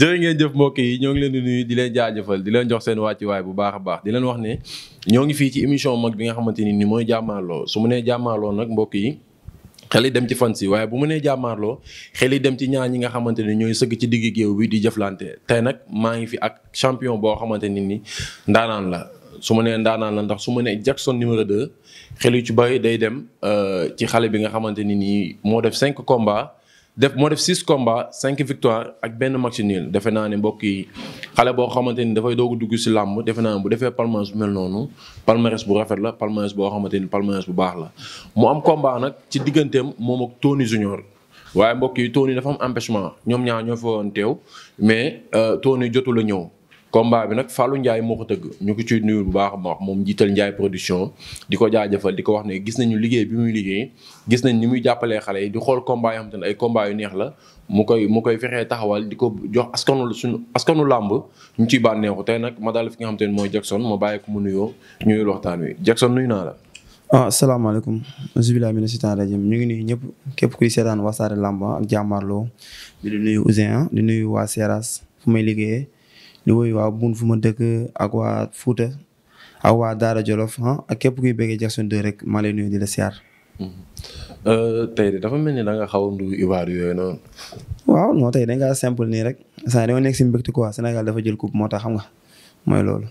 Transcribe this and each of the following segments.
jërë ngeen jëf mbokk yi ñoo ngi leen di nuyu di leen jaajëfal di leen jox seen wàccuwaay bu baax a baax di leen wax ne ñoo ngi fii ci émission mag bi nga xamante ni ni mooy jàmmaarloo su mu nee jàmmaarloo yi xel yi dem ci fan si waaye bu mu nee jàmmaarloo xel dem ci ñaar ñi nga xamante ne ñooy sëgg ci digg géew bi di jëflante tey maa ngi fi ak champion boo xamante ni ni ndaanaan la su ma nee ndaanaan la ndax su ma nee Jackson numéro de xel yu ci bëri day dem euh, ci xale bi nga xamante ni nii moo def 5 combats. def moo def six combats cinq victoire ak benn match nul defe naa ne mbokk yi xale boo xamante ni dafay doog dugg si làmb defe naa ne bu defee palmarès bu mel noonu palmarès bu rafet la palmarès boo xamante ni palmarès bu baax la. mu am combat nag ci digganteem moom ak Tony Junior waaye mbokk yi Tony dafa am empêchement ñoom ñaar ñoo fa woon teew mais euh, Tony jotul a ñëw. combat bi nag Fallou Ndiaye moo ko tëgg ñu ko ciy nuyu bu baax a baax moom jiital Ndiaye production di ko jaajëfal di ko wax ne gis nañu liggéey bi muy liggéey gis nañ ni muy jàppalee xale yi di xool combat ay combat yu neex la mu koy mu koy fexee taxawal di ko jox askanu suñu askanu làmb ñu ciy bànneexu tey nag ma daal fi nga xam te ne mooy Jackson ma bàyyi ko mu nuyoo ñuyul waxtaan wi Jackson nuyu naa la ah salaamaaleykum bismillah mina seytaan rajim ñu ngi nuyu ñëpp képp kuy seetaan wasaare làmb ak jàmmaarloo di nuyu Ousin di nuyu waa Seras fu may liggéeyee di woy waa buun fu ma dëkk ak waa Fouta ak waa Daara Jolof ah ak képp kuy bëggee Jackson 2 rek maa lay nuyu di la siyaar. Mm-hmm. Euh, tey de dafa mel nii da nga xaw a ndu waar yooyu noonu. waaw non tey da ngaa simple nii rek saa dañoo nekk si mbégte quoi Sénégal dafa jël coupe moo tax xam nga mooy loolu.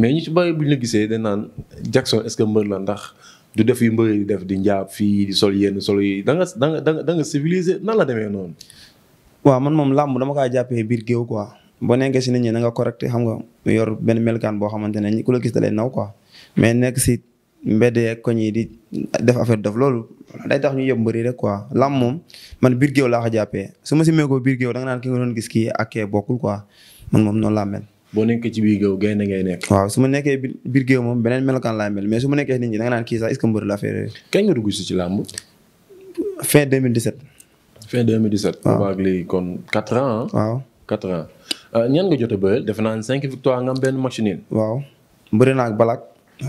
mais ñu ci bàyyi bu la gisee dañ naan Jackson est-ce que mbër la ndax du def yu mbër yi def di njaab fii di sol yenn solo yi da nga da nga da nga civilisé nan la demee noonu. waaw man moom làmb dama kaa jàppee biir géew quoi. boo nekkee si nit ñi nanga nga correct xam nga yor benn melkaan boo xamante ne ku la gis da lay naw quoi mais nekk si mbedde ak koñ yi di def affaire def loolu day tax ñu yëpp mbëri rek quoi lam moom man biir géew laa ko jàppee su ma si meekoo biir géew da nga naan ki nga gis kii ak kee bokkul quoi man moom noonu laa mel. boo nekkee ci biir géew gaynde ngay nekk. waaw su ma nekkee biir géew moom beneen melokaan laa mais su ma nekkee nit ñi da nga naan kii sax est-ce que mbër la affaire kañ nga dugg si ci làmb. fin 2017. fin 2017. waaw boobaag léegi kon 4 ans ah. waaw 4 Euh, ñan nga jot a bëyal defe naa ne cinq victoire nga am benn match nul. waaw bëri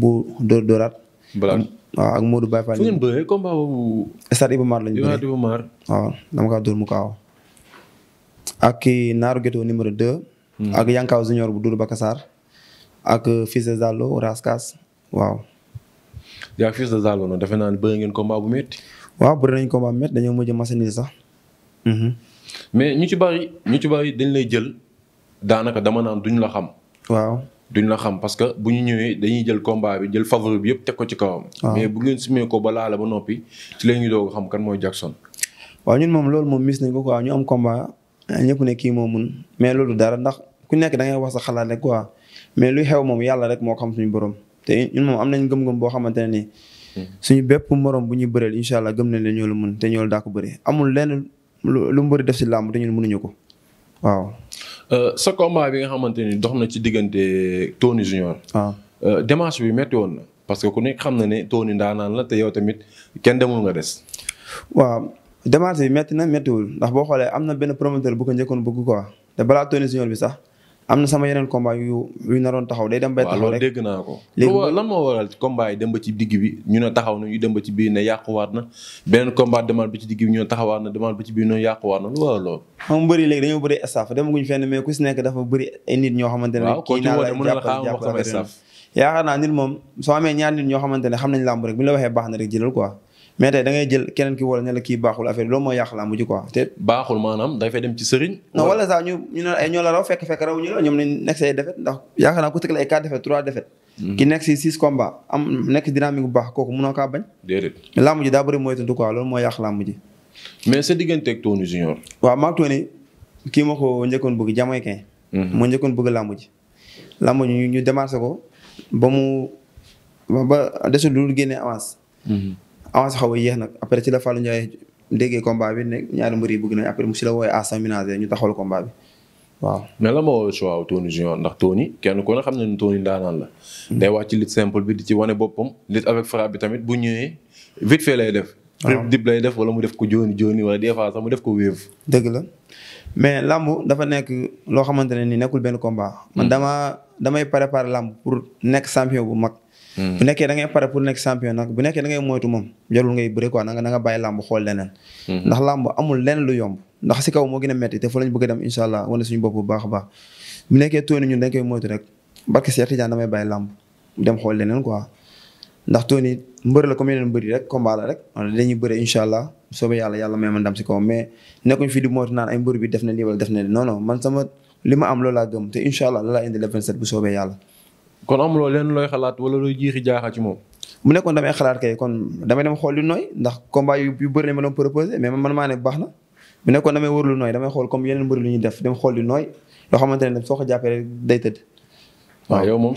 bu Dóor Dóoraat. Balak waaw ak Modou Baye Fall. fu ngeen bëree combat boobu. stade Iba Mar Naaru Géto numéro 2. Hmm. ak bu Doudou Bakassar. ak euh, Fils de Zalo Raskas waaw. naa ne bëri ngeen combat bu waaw bëri nañu combat bu métti dañoo machine sax. Mhm. mais ñu ci bari ñu ci bari dañ lay jël. daanaka dama naan duñ la xam. waaw duñ la xam parce que bu ñu ñëwee dañuy jël combat bi jël favori bi yëpp teg ko ci kawam. mais bu ngeen simee ko ba laale ba noppi ci la ñuy doog xam kan mooy Jackson. waaw ñun moom loolu moom mis nañ ko quoi ñu am combat ñëpp ne kii moom mun mais loolu dara ndax ku nekk da ngay wax sa xalaat rek quoi mais luy xew moom yàlla rek moo xam suñu borom te moom am nañ gëm boo xamante ne nii. Hmm. suñu bépp morom bu ñuy bëreel incha allah gëm nañ ne ñoo la mun te ñoo daa ko bari amul lenn lu lu mbëri def si làmb te ñun mënuñu ko waaw Euh, sa combat bi nga xamante ni dox na ci diggante Tony Junior. waaw ah. euh, démarche bi métti woon na parce que ku nekk xam na ne Tony ndaanaan la te yow tamit kenn demul nga des. waaw démarche bi métti na méttiwul ndax boo xoolee am na benn promoteur bu ko njëkkoon bëgg quoi te balaa Tony Junior bi sax. am na sama yeneen combat yu yu naroon taxaw day dem. ba taxaw rek dégg naa ko. léegi lan moo ba ci digg bi ñu ne na ñu dem ba ci biir ne yàquwaat na beneen combat demaat ba ci digg bi ñu ne na demaat ba ci biir ne yàquwaat na lu waral loolu. xam nga bëri si nekk dafa bëri ay nit xamante ne. kii naa la jàppale jàppale yaakaar moom soo amee ñaar nit ñoo xamante ne xam nañ làmb rek bu la waxee baax na rek jëlal quoi mais tey da ngay jël keneen ki wala ne la kii baaxul affaire loolu mooy yàq làmb ji quoi te baaxul maanaam day fay dem ci sëriñ non wala sax ñu ñu ne ay ñoo la fekk fekk raw ñoom lañ nekk say défaite ndax yaakaar naa ku tëg la ay 4 défaite 3 défaite mhm. ki nekk si 6 combat am nekk baax kooku mënoo kaa bañ déedéet làmb ji daa bëri mooy tuntu quoi loolu mooy yàq làmb ji mais sa diggante ak Tony Junior waaw maag Tony kii ma ko njëkkoon bëgg jamaïcain mhm. moo njëkkoon bëgg làmb ji làmb ji ñu démarché ko ba mu ba desul lu génnee avance mhm. avance xaw a yéex nag après ci la Fallou Ndiaye déggee combat bi ne ñaari mbër yi bëgg nañ après mu si la wooyee Assa Minage ñu taxawal combat bi ndax Tony kenn ko na xam ne ni Tony ndaanaan la. Hmm. day wax ci lutte simple bi bu ñëwee vite fait lay def. waaw ah. dib lay def wala mu def ko jooni jooni wala des fois sax mu def la mais lamb dafa nekk loo xamante ne ni nekkul benn combat. man hmm. dama damay préparer lamb pour nekk champion bu mag. Mm. bu nekkee da ngay pare pour nekk nag bu nekkee da ngay moytu moom jarul ngay bëre quoi na nga na nga bàyyi xool leneen mm-hmm. ndax làmb amul leneen lu yomb ndax si kaw moo gën a metti te fa lañ bëgg a dem incha allah wane suñu bopp bu baax a baax bu nekkee Tony ñun dañ koy moytu rek barke Cheikh Tidiane damay bàyyi làmb dem xool leneen quoi ndax Tony mbër la comme yeneen mbër yi rek combat incha allah soobee yàlla yàlla may ma ndam si mais nekkuñ fi di def na lii wala def ne non man sama li ma am loolu a gëm te incha allah loolaa indi le 27 bu soobee yàlla kon amuloo leen looy xalaat wala looy jiixi jaaxa ci moom. mu nekkoon damay xalaat kay kon damay dem xool lu nooy ndax combat yu bëri ma doon proposé mais maa ne baax na mu nekkoon damay wër lu nooy damay xool comme yeneen mbëri lu ñuy ne soo ko jàppee rek day tëdd. waaw yow moom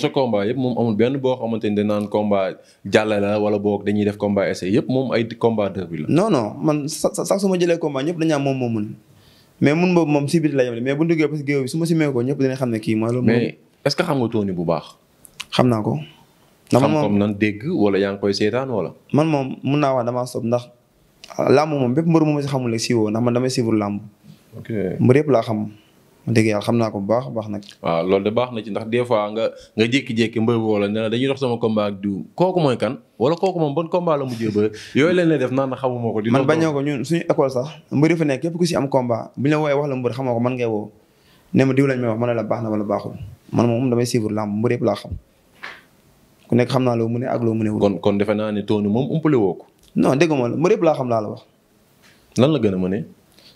moom benn boo xamante ni danaan combat jàlle la dañuy def combat yëpp moom ay combat de bi la. non non man sa sax su ma jëlee combat ñëpp dañaa moom moo mun mais mun boobu moom si biir mais bu ñu duggee parce géew bi su ma simee ko ñëpp xam ne kii mooy loolu. xam nga Tony bu baax xam naa ko. ndax man moom dégg wala yaa ngi koy wala. man moom mun naa wax damaa sob ndax làmb moom bépp mbër mu ma si xamul rek siiwoo ndax man damay siiwul làmb. ok mbër laa xam. dégg yàlla xam naa ko bu baax baax nag. loolu de baax na ci ndax des fois nga nga jékki-jékki mbër wala nee na dañuy dox sama combat kooku mooy kan wala kooku moom ban combat la mujjee ba yooyu leen lay def naan xamuma ko. man bañoo ko ñun suñu école sax mbër yi fa nekk si am combat bu ñu la wooyee wax la ko man ngay woo ne ma diw lañ may wax ma ne la baax na wala baaxul man moom damay suivre làmb mbër yëpp laa xam ku nekk xam naa loo mu ne ak loo mu ne wul. kon kon defe naa ne Tony moom umpale woo ko. non dégg nga ma lépp laa xam laa la wax. lan la gën a mënee.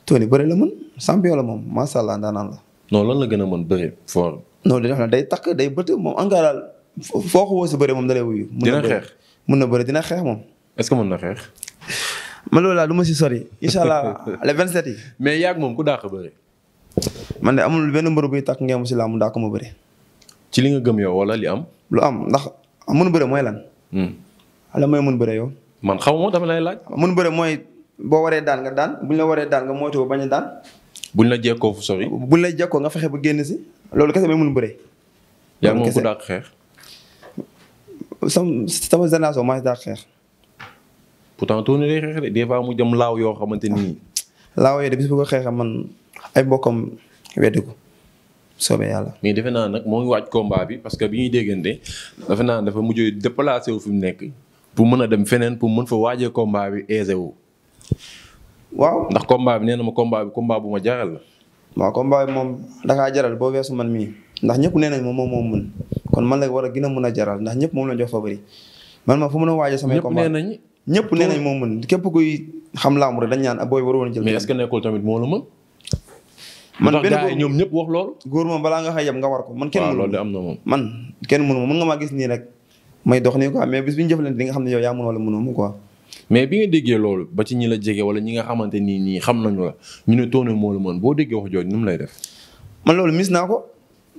Tony bëre la mën champion la moom macha allah daanaan la. non lan la gën a mën bëre fort. non dañoo xam ne day takk day bët moom ANCAR daal foo ko woo si bëre moom da lay wuyu. dina xeex mun na bëre dina xeex moom. est-ce que mën na xeex. man loolu daal du ma si sori. incha allah le 27 yi. mais yaag moom ku dàq bëre. man de amul benn mbër buy takk ngeen mu si laa mu dàq ma bëre. ci li nga gëm yow wala li am. lu am ndax mun bëre mooy lan. Hmm. la mooy mun bëre yow. man xaw ma dama lay laaj. mun bëre mooy boo waree daan nga daan buñ la waree daan nga moytu bañ a bu buñ la jekkoo fu sori. buñ la jekkoo nga fexe ba génn si. loolu kese mooy mun bëre. yaa moom ku dàq xeex. sama sama génération maa ngi dàq xeex. pourtant tuuti lay xeex de des fois mu jëm laaw yoo xamante ni. laaw yooyu de bis bu ko xeexee man ay mbokkam weddi soobee yàlla. mais defe naa nag moom ngi waaj combat bi parce que bi ñuy déggante defe naa dafa mujj déplacé wu fi mu nekk pour mën a dem feneen pour mën fa waajee combat bi aisé wu. waaw ndax combat bi nee na ma combat bu ma jaral la. waaw combat moom da ngaa jaral boo weesu man mii ndax ñëpp nee nañ moom moom moo mën kon man la war a gën a mën a jaral ndax ñëpp moom la jox ma fu mën a waajee samay combat ñëpp nañ ñëpp nee nañ moo mën képp xam laamu rek dañ ñaan ah, booy waroon jël. mais est-ce tamit moo la mën man benn góor ñoom ñëpp wax loolu. góor moom balaa nga xay yab nga war ko man kenn mënu loolu de ma mën nga maa gis nii rek may dox nii quoi mais bis bi ñu jëflante di nga xam ne yow yaa mën wala mënoo ma quoi. nga déggee loolu ba la jege wala nga xamante nii nii xam nañu la moo la mën boo déggee wax jooju ni mu lay def. man loolu mis naa ko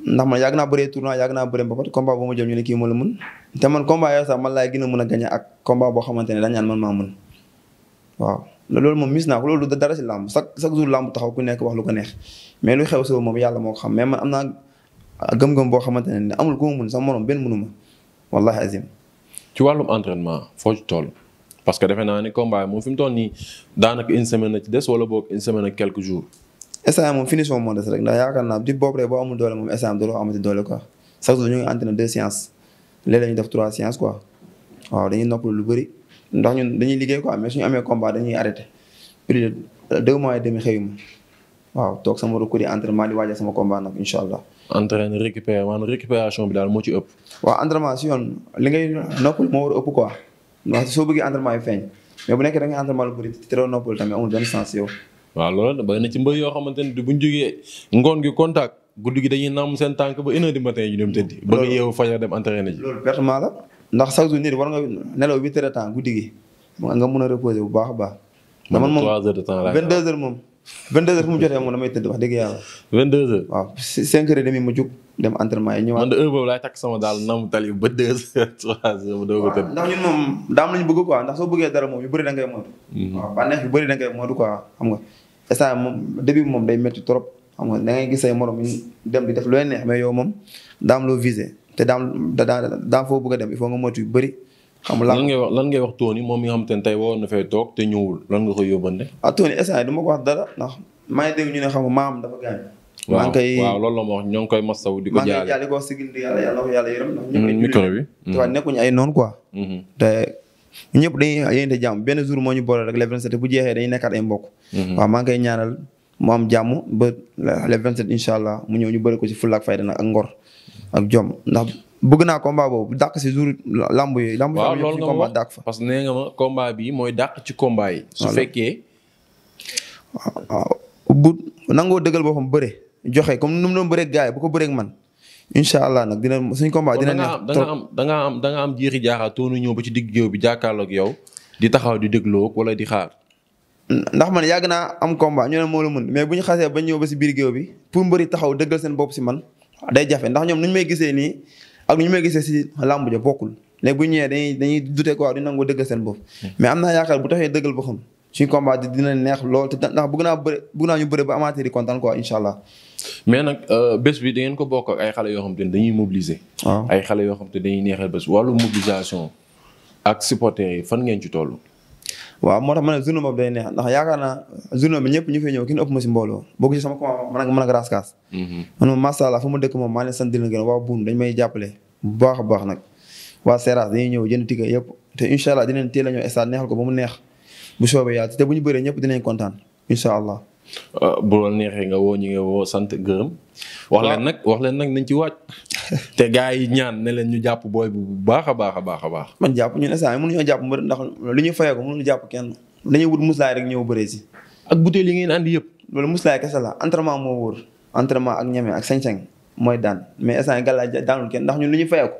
ndax man yàgg naa bare tournoi yàgg naa bëree mbapat combat boo ma jël ñu ne kii moo la mën te man combat yooyu sax man laay gën a mën a gañe ak combat boo xamante ne dañ naan man maa mën waaw loolu moom mis naa ko loolu dara si làmb chaque chaque jour làmb ku nekk wax lu ko neex lu xew si moom yàlla moo ko xam mais man ah, boo xamante ne ni amul ku ma mun sama morom benn mënu ma wallahi azim ci wàllum entraînement foo ci toll parce que defe naa ni combat moom fi mu daanaka une semaine la ci des wala boog une semaine ak quelques jours. instant moom finition moo des rek ndax yaakaar naa di boobu rek boo amul doole moom instant bi doo amati doole quoi chaque jour ñu ngi entraîné deux séances waaw dañuy noppalu lu bëri. ndax ñun dañuy liggéey quoi mee suñu amee combat dañuy arrêté plus de euh, deux mois et demi waaw toog sama recours yi entraînement di waajal sama combat nag incha allah. entraîné récupéré maanaam récupération bi daal moo ci ëpp. waaw entraînement si yoon li ngay noppal moo war a ëpp quoi ndax soo bëggee entraînement yi feeñ mais bu nekkee da ngay entraînement lu bëri te doo noppal tamit amul benn yoo xamante ne bu ñu jógee ngoon gi contact guddi gi dañuy naam seen tànk ba une heure du matin ñu dem tëddi. loolu bëgg yeewu fajar dem entraîné ji. loolu pertement ndax chaque jour nit war nga nelaw huit heures de temps guddi gi nga a reposer bu baax a baax. man moom trois heures de temps laay 22 heures yàlla. 22 heures waaw 5 heures et demi ma jug dem entraînement yi ñëwaat. man de bëggee dara moom yu bëri da ngay mhm. bëri da ngay moytu quoi xam nga instant moom début moom day métti trop xam nga da ngay gis say morom ñu dem di def looy neex mais yow moom daam loo visé. te daam da daa foo dem il faut nga moytu yu bëri. xam nga lan ngay wax lan ngay wax Tony moom mi xam te ne tey waroon na fay toog te ñëwul lan nga koy yóbbante. ah Tony instant yii du ma ko wax dara ndax maa ngi dégg ñu maam dafa gaañ. maa ngi koy waaw loolu la ma ñoo ngi koy masawu di ko jaale maa ko sigil di yàlla yàlla ko yàlla yërëm. ay mm, mm. noonu quoi. Mm-hmm. te ñëpp dañuy yéente benn jour moo ñu boole rek le set bu jeexee dañuy nekkaat ay mbokk. Mm-hmm. waaw maa ngi ñaanal mu am jàmm ba le 27 incha allah mu ñëw ñu bëri ko ci fu ak fayda nag ak ngor ak jom ndax bëgg naa combat boobu dàq si jour lamb yooyu. lamb yooyu yëpp si combat fa parce que nee nga ma bi mooy dàq ci combat yi. su fekkee. waaw bu nangoo dëggal boppam bëre joxe comme nu mu doon bëreeg gars yi bu ko bëreeg man incha allah nag dina suñ combat dina neex da nga am da nga am da am jiixi jaaxaa toonu ñëw ba ci digg géew bi jàkkaarloog yow di taxaw di dégloo wala di xaar. ndax man yàgg naa am combat ñu ne moo la mën mais bu ñu xasee ba ñëw ba si biir géew bi pour mbëri taxaw dëggal seen si man day jafe ndax ñoom nu ñu may gisee nii ak nu ñu may gisee si làmb ja bokkul léegi bu ñëwee dañuy dañuy dute quoi duñ nangoo dëggal seen bopp hmm. mais am na yaakaar bu taxee dëggal boppam suñu combat dina neex lool te ndax bëgg naa bëri bëgg naa ñu bëri ba amateur yi kontaan quoi incha allah. mais nag euh, bés bi da ngeen ko bokk ay xale yoo xam te ne dañuy mobiliser. Ah. ay xale yoo xam te dañuy neexal bés wàllu mobilisation ak supporter yi fan ngeen ci toll. waaw moo tax ma ne journée boobu day neex ndax yaakaar naa journée bi ñëpp ñu fay ñëw kenn ëpp ma si mbooloo boo gisee sama commande man ak man ak raskaas mhm. man moom macha allah fu ma dëkk moom maa leen sant di leen gën waa buun dañ may jàppale bu baax a baax nag waa Seras dañuy ñëw jënd ticket yëpp te incha allah dinañ teel a ñëw stade neexal ko ba mu neex bu soobee yàlla te bu ñu bëree ñëpp dinañ kontaan incha allah ah, bu loolu neexee nga woo ñu woo sant gërëm wax leen nag nañ ci waaj te gars yi ñaan ne leen ñu jàpp booy bu baax a baax a baax a baax. man jàpp ñu ne saa yi mënuñoo jàpp mbër ndax li ñu fayee ko mënuñu jàpp kenn dañuy wut muslaay rek ñëw bëree si. ak butéel yi ngeen andi yëpp. loolu muslaay kese la entraînement moo wóor entraînement ak ñeme ak sañ-sañ mooy daan mais instant yi gàllaaj daanul kenn ndax ñun li ñu fay ko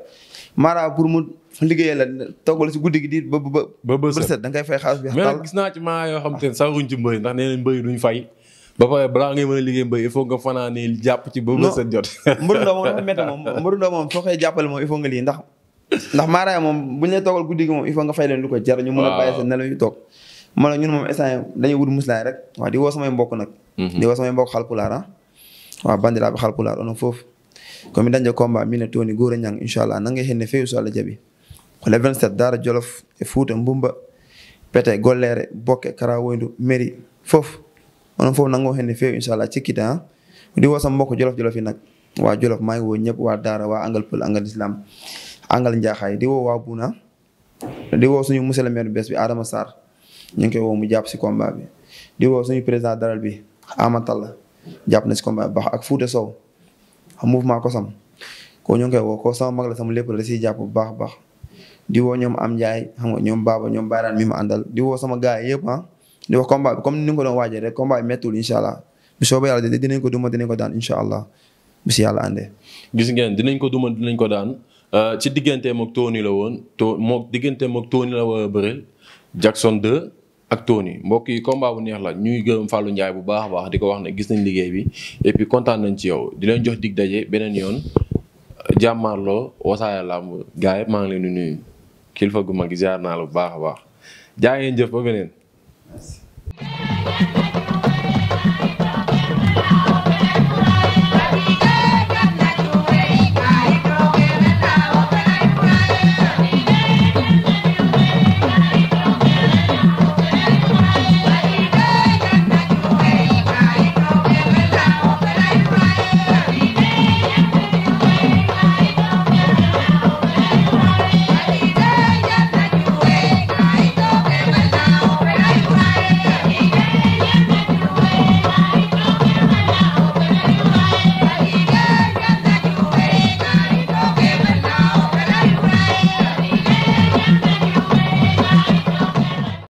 mara pour mu liggéeyee la toggal si guddi gi di ba ba. ba bës da ngay fay xaalis bi. mais gis naa ci maa yoo xam te ne sax ruñ ci mbëri ndax nee nañ mbëri duñ fay ba pare balaa ngay mën a liggéey mbay il faut nga fanaanee jàpp ci ba. ba sa jot mbëru ndaw moom dafa métti moom mbëru ndaw moom soo koy jàppale moom il faut nga lii ndax ndax maaraay moom bu ñu lay toogal guddi gi moom il faut nga fay leen lu ko jar ñu mën a bàyyi sa nelaw yu toog ma ne ñun moom instant dañuy wut muslaay rek waaw di woo samay mbokk nag mhm. di woo samay mbokk xalpulaar ah waaw bandiraaɓe xalpulaar onon foof komi dañde combat min e tooni goora ñang inchallah nanga henne feewi so allah jaɓi ko le 27 daara jolof e fouta mbumba pete gollere bokke kara woyndu mairie foof onon foofu nangoo heen no feewi inchallah cikkitte han ndi wo sam mbokko jolof jolof yi nag waa jolof maa ngi woo ñëpp waa daara waa angal pël angal islam angal njaaxaay di woo waa buuna di woo suñu monsieur le maire bees bi Adama saar ñu ngi koy woo mu jàpp si combat bi di woo suñu président daral bi Amatalla jàpp na si combat bi ak Fouta Sow mouvement kosam ko ñu ngi koy woo ko sama mag la sama lépp da siy jàpp bu baax baax di woo ñoom am njaay xam nga ñoom baaba ñoom baaraan mi ma àndal di woo sama gaa yëpp ah di wax combat bi comme ni nga ko doon waajee rek combat bi méttiwul incha allah bu soobee yàlla de dinañ ko duma dinañ ko daan incha allah bu si yàlla àndee. gis ngeen dinañ ko duma dinañ ko daan euh, ci diggante ak Tony la woon to moom digganteem ak Tony la war a bëreel Jackson 2 ak Tony mbokk yi combat bu neex la ñuy gërëm Fallou Ndiaye bu baax a baax di ko wax ne gis nañ liggéey bi et kontaan nañ ci yow di leen jox dig daje beneen yoon jàmmaarloo Wassare Lamb gars yi ngi leen di nuyu kilifa gu mag ziar naa la baax a baax jaa ngeen Merci.